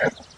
Thank you.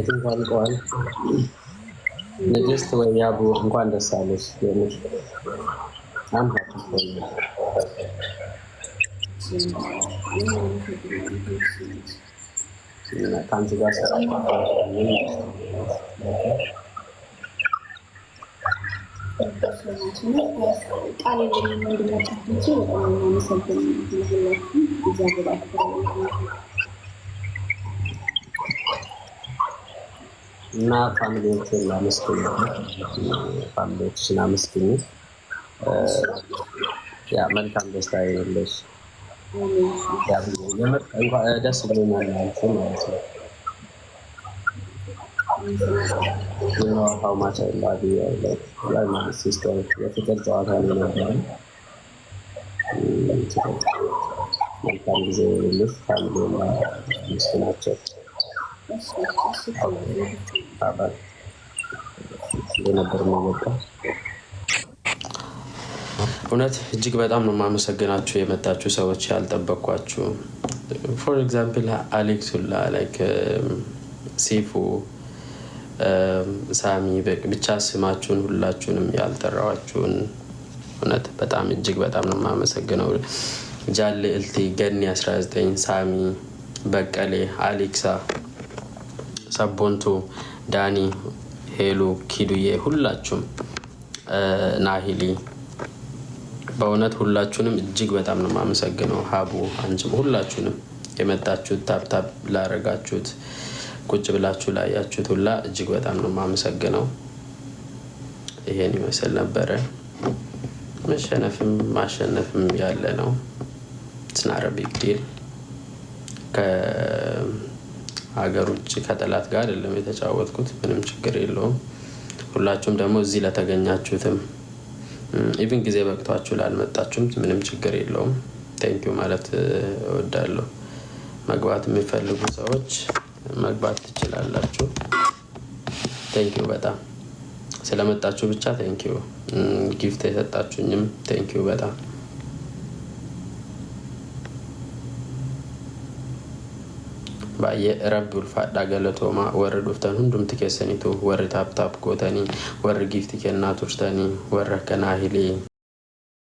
በድንኳን ቆመን ንግስት ወያቡ እንኳን ደስ አለሽ ከአንቺ ጋር እና ፋሚሊዎችን ላመስግን ፋሚሊዎችን አመስግኝ። መልካም ደስታ ይለሽ ደስ ብሎኛል ማለት ነው የፍቅር ጨዋታ መልካም ጊዜ ይልልሽ ፋሚሊ ምስግናቸው አባል እንደነበር እውነት እጅግ በጣም ነው የማመሰግናችሁ። የመጣችሁ ሰዎች ያልጠበቅኳችሁ፣ ፎር ኤግዛምፕል አሌክስ ሁላ ላይክ ሴፉ፣ ሳሚ ብቻ ስማችሁን ሁላችሁንም ያልጠራዋችሁን እውነት በጣም እጅግ በጣም ነው የማመሰግነው። ጃል እልቲ፣ ገኒ 19፣ ሳሚ በቀሌ፣ አሌክሳ፣ ሰቦንቱ ዳኒ፣ ሄሉ፣ ኪዱዬ፣ ሁላችሁም ናሂሊ በእውነት ሁላችሁንም እጅግ በጣም ነው የማመሰግነው። ሀቡ አንቺም ሁላችሁንም የመጣችሁት ታብታብ ላረጋችሁት ቁጭ ብላችሁ ላያችሁት ሁላ እጅግ በጣም ነው የማመሰግነው። ይሄን ይመስል ነበረ። መሸነፍም ማሸነፍም ያለ ነው። ስናረቢግ ዲል ሀገር ውጭ ከጠላት ጋር አይደለም የተጫወትኩት። ምንም ችግር የለውም። ሁላችሁም ደግሞ እዚህ ለተገኛችሁትም ኢቭን ጊዜ በቅቷችሁ ላልመጣችሁም ምንም ችግር የለውም። ቴንኪዩ ማለት እወዳለሁ። መግባት የሚፈልጉ ሰዎች መግባት ትችላላችሁ። ቴንኪዩ በጣም ስለመጣችሁ ብቻ ቴንኪዩ። ጊፍት mm, የሰጣችሁኝም ቴንኪዩ በጣም baay'ee rabbi ulfaadhaa galatoomaa warra dhuftan hundumti keessanitu warri taaptaap gootanii warri giifti kennaa turtanii warra akkanaa hilii.